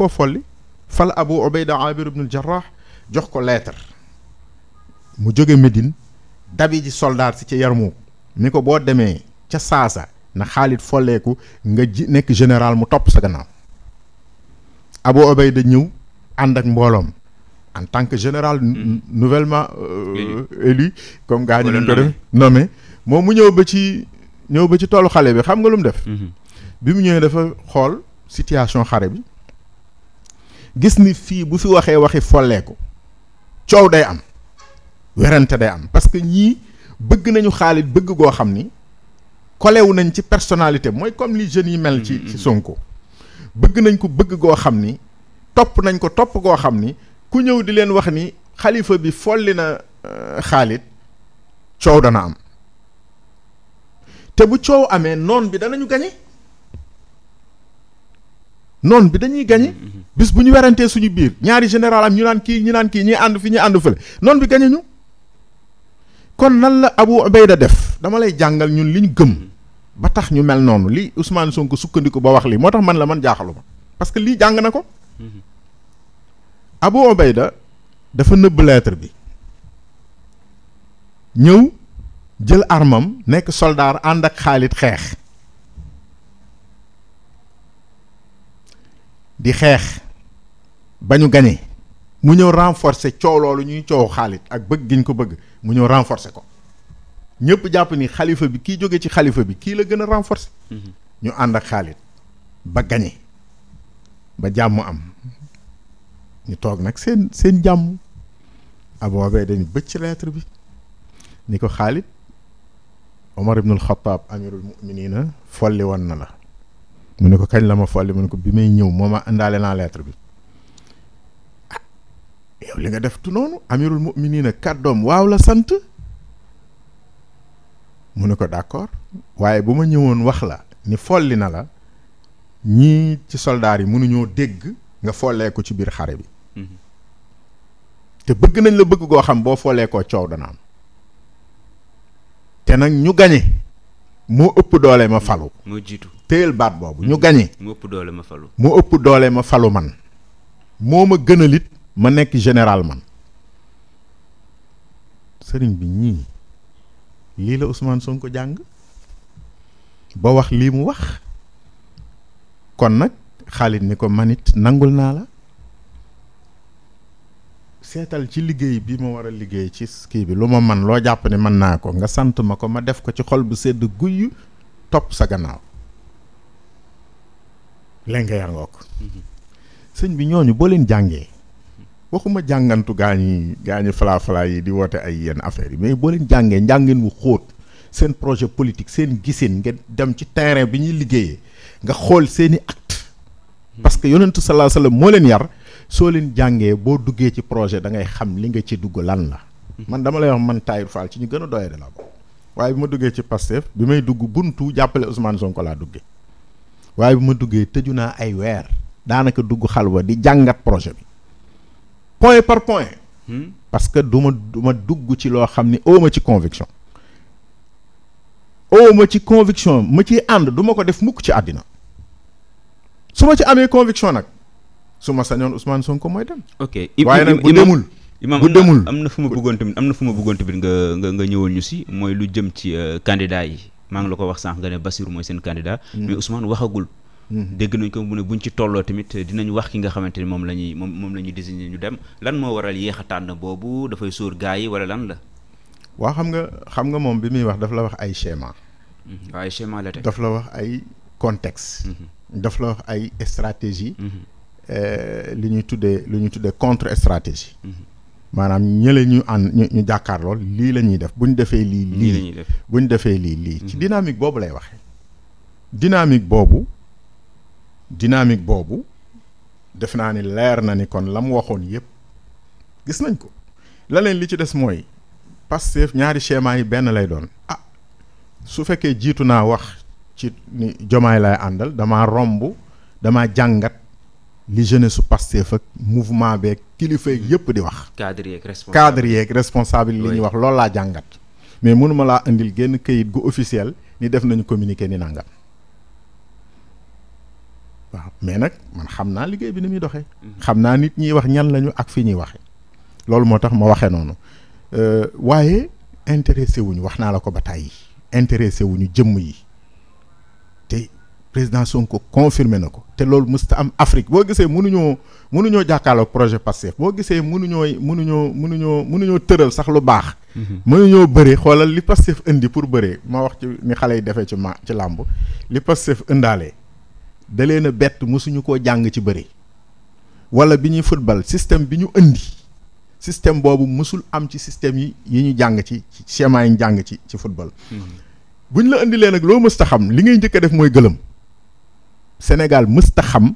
koo folli fal abu ubayda abir ibnul jarraax jox ko lettre mu jóge Médine dabi ji soldaar si ca Yarmouk ni ko boo demee ca saasa na Xaalid folleeku nga ji nekk général mu topp sa gannaaw Abu Ubayda ñëw ànd ak mbooloom en tant que général hmm. nouvellement euh, élu comme gaa ñu leen ko def nommé moom mu ñëw ba ci ñëw ba ci toolu xale bi xam nga lu mu def hmm. bi mu ñëwee dafa xool situation xare bi gis ni fii bu fi waxee waxi folleeku coow day am werante day am parce que ñii bëgg nañu Khalid bëgg goo xam ni kolewu nañ ci personnalité mooy comme li jeunes yi mel ci mm-hmm. ci bëgg nañ ko bëgg goo xam ni topp nañ ko topp goo xam ni ku ñëw di leen wax ni xalifa bi folli na Khalid euh, coow dana am te bu coow amee noon bi danañu gañe noon bi dañuy gagné mm-hmm. bis bu ñu werantee suñu biir ñaari général am ñu naan kii ñu naan kii ñuy ànd fi ñuy ànd fële noon bi gagné ñu kon nan la Abu Ubayda def dama lay jàngal ñun li ñu gëm ba tax ñu mel noonu li Ousmane Sonko sukkandiku ba wax lii moo tax man la man jaaxaluma parce que lii jàng na ko mm-hmm. Abu Ubayda dafa nëbb lettre bi ñëw jël armam nekk soldaar ànd ak xaalit xeex di xeex ba ñu gañe mu ñëw renforcer coow loolu ñuy coow Khalid ak bëgg gi ñu ko bëgg mu ñëw renforcer ko ñëpp jàpp ni xalifa bi kii jóge ci xalifa bi kii la gën a renforcer. Mhm. ñu ànd ak Khalid ba gañe ba jàmm am ñu toog nag seen seen jàmm aboobee dañu bëcc lettre bi ni ko Khalid Omar ibnul Xataab amirul muminina folli woon na la mu ne ko kañ la ma folli mu ne ko bi may ñëw moo ma àndaale naa lettre bi ah, yow li nga def tu noonu amirul mu'miniina kàddoom waaw la sant mu ne ko d'accord waaye bu ma ñëwoon wax la ñu folli na la ñii ci soldaar yi mënuñoo dégg nga follee ci biir xare bi mm-hmm. te bëgg nañ la bëgg goo xam boo foolee coow dana am te nag ñu gañe moo ëpp doole ma falu moo jiitu téyel baat boobu ñu gañe mu ëpp doole ma falu ma falu man moo ma gënalit ma nekk général man sëriñ bi ñii lii la Ousmane ko jàng ba wax lii mu wax kon nag Khalid ni ko manit nangul naa la seetal ci liggéey bi ma war a liggéey ci kii bi lu ma man loo jàpp ne mën naa ko nga sant ma ko ma def ko ci xol bu sedd guy topp sa gannaaw yar yaa ngoog sëñ bi ñooñu boo leen jàngee waxuma jàngantu gaa ñi gaa falaa falaa yi di woote ay yenn affaires yi mais boo leen jàngee njàngeen bu xóot seen projet politique seen gisin nga dem ci terrain bi ñuy liggéeye nga xool seeni acte parce que yonentu salaa sallam moo leen yar soo leen jàngee boo duggee ci projet dangay xam li nga ci dugg lan la man dama lay wax man Tahirou Fall ci ñu gën a doyee de la waaye bi ma duggee ci Pastef bi may dugg buntu jàppale Ousmane Sonko laa duggee waaye bi ma duggee tëju naa ay weer daanaka dugg xalwa di jàngat projet bi point par point hmm? parce que du ma du ma dugg ci loo xam ni oo ma ci conviction oo ma ci conviction ma ciy ànd du ma ko def mukk ci àddina su ma ci amee conviction nag su ma sañoon Ousmane Sonko mooy dem. ok waaye nag bu demul bu demul am na fu ma bëggoon tamit am na fu ma bëggoon tamit nga nga nga ñëwoon ñu si mooy lu jëm ci euh, candidat yi. maa ngi la ko wax sànq nga ne Bassirou mooy seen candidat mm-hmm. mais Ousmane waxagul mm-hmm. dégg nañ ko mu ne buñ ci tolloo tamit dinañ wax ki nga xamante ni moom la ñuy moom moom la ñuy désigné ñu dem lan moo waral yéex a tànn boobu dafay soor gaa yi wala lan la waaw xam nga xam nga moom bi muy wax daf la wax ay schéma mm-hmm. waaw ay schéma la teg daf la wax ay contexte daf la wax ay stratégie euh, li ñuy tuddee lu ñuy tuddee contre stratégie maanaam ñële ñu ànd ñu ñu jàkkaarlool lii la ñuy def bu ñu defee lii lii la ñuy def bu ñu defee lii lii ci mm-hmm. dynamique boobu lay waxee dynamique boobu dynamique boobu def naa ni leer na ni kon la mu waxoon yëpp gis nañ ko la li ci des mooy Pastef ñaari schéma yi benn lay doon ah su fekkee jiitu naa wax ci ni jomaay lay àndal damaa romb damaa jàngat li jeunesse su Pastef ak mouvement beeg kilifa yëpp di wax. cadre yeeg responsable cadre yeeg responsable li ñuy wax loolu laa jàngat. mais mënuma laa indil génn kayit gu officiel ni def nañu communiqué ni nangam waaw mais nag man xam naa liggéey bi ni muy doxee. Mhm. xam naa nit ñiy wax ñan lañu ak fi ñuy waxee. loolu moo tax ma waxee noonu euh, waaye intéressé wuñu wax naa la ko ba tàyyi intéressé wuñu jëmm yi. président Sonko confirmé na ko te loolu mësta am Afrique boo gisee mënuñoo mënuñoo jàkkaarloog projet Pastef boo gisee mënuñoo mënuñoo mënuñoo mënuñoo tëral sax lu baax. mënuñoo mhm. bëre xoolal li Pastef indi pour bëree ma wax ci ni xale yi defee ci ma ci làmb li Pastef indaale da na a bett mosuñu koo jàng ci bëri wala bi ñuy football système bi ñu indi système boobu mësul am ci système yi yi ñu jàng ci schéma yi ñu jàng ci ci football. Mhm. buñ la indi leen loo mësta xam li ngay njëkk a def mooy gëlëm. Sénégal mësta xam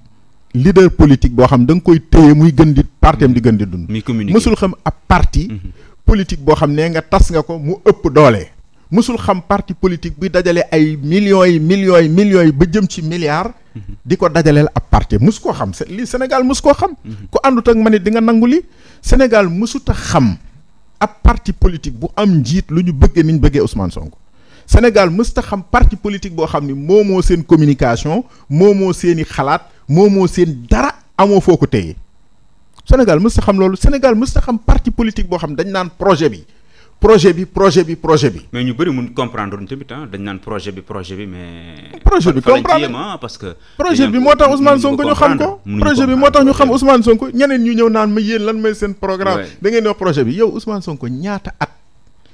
leader politique boo xam da nga koy téye muy gën di parti am di mm-hmm. gën di dund mësul xam ab parti mm-hmm. politique boo xam ne nga tas nga ko mu ëpp doole mësul xam parti politique bi dajale ay millions yi millions yi millions yi ba jëm ci milliards mm-hmm. di ko dajaleel ab parti mës koo xam li Sénégal mës koo xam ku àndut ak ma ne di nga nangu li Sénégal mësut a xam ab parti politique bu am njiit lu ñu bëggee ñu bëggee Ousmane Sonko Sénégal mësta xam parti politique boo xam ni moomoo seen communication moomoo seen i xalaat moomoo seen dara amoo foo ko téye Sénégal mësta xam loolu Sénégal mësta xam parti politique boo xam ne dañ naan projet bi projet bi projet bi projet bi. mais ñu bëri mun comprendre luñ tamit ah dañ naan projet bi projet bi mais. projet bi comprendre ah, parce que. projet bi moo tax Ousmane Sonko ñu xam ko. projet bi moo tax ñu xam Ousmane Sonko ñeneen ñu ñëw naan ma yéen lan mooy seen programme. da ngeen di wax projet bi yow Ousmane Sonko ñaata at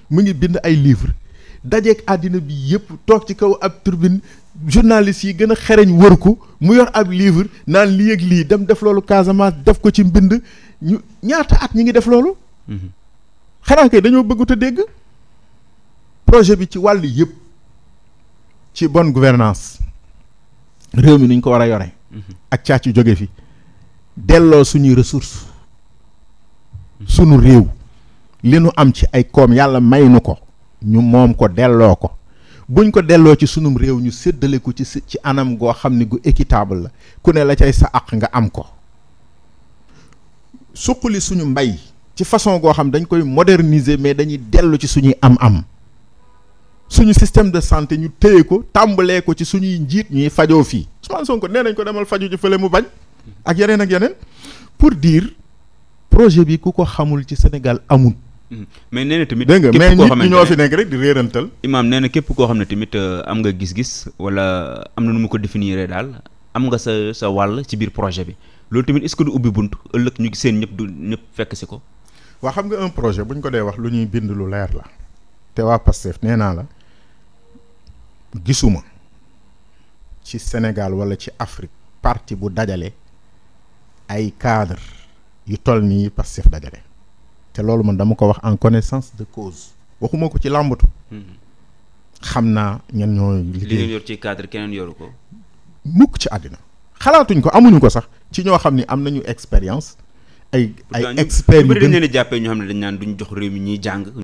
mu ngi bind ay livres. dajeek àddina bi yëpp toog ci kaw ab turbine journaliste yi gën a xereñ wër ko mu yor ab livre naan lii ak lii dem def loolu Casamance def ko ci mbind ñu ñaata at ñi ngi def loolu mhm. xanaa kay dañoo bëggut dégg projet bi ci wàll yëpp ci bon gouvernance réew mi nuñ ko war a yore mhm. ak càcc jóge fi delloo suñuy ressource sunu réew li nu am ci ay koom yàlla may nu ko ñu moom ko delloo ko buñ ko delloo ci sunum réew ñu séddale ko ci ci anam goo xam ne gu équitable la ku ne la cay sa àq nga am ko suqali suñu mbay ci façon goo xam dañ koy moderniser mais dañuy dellu ci suñuy am-am suñu système de santé ñu téye ko tàmbalee ko ci suñuy njiit ñuy fajoo fii Ousmane Sonko nee nañ ko demal faju ci fële mu bañ ak yeneen ak yeneen pour diir projet bi ku ko xamul ci Sénégal amul. Mm. mais nee na tamit. dégg nga mais nit ñi ñoo fi nekk rek di réerantal. imaam nee na képp koo xam ne tamit euh, am nga gis-gis wala euh, am na lu mu ko définir daal am nga sa sa wàll ci biir projet bi loolu tamit est-ce du ubbi bunt ëllëg ñu seen ñëpp du ñëpp fekk si ko. waa xam nga un projet bu ñu ko dee wax lu ñuy bind lu leer la. te waa Pastef nee naa la gisuma ci senegal wala ci Afrique parti bu dajale ay cadre yu toll nii Pastef dajale. te loolu man dama ko wax en connaissance de cause waxuma ko ci làmbatu. Hmm. xam naa ñan ñoo. liggéey yor ci cadre keneen yoru ko. mukk ci àddina xalaatuñ ko amuñu ko sax ci ñoo xam ni am nañu expérience. ay ay experts yu gën ñu bëri dañ leen ñoo xam ne dañ naan duñ jox réew mi ñuy jàng.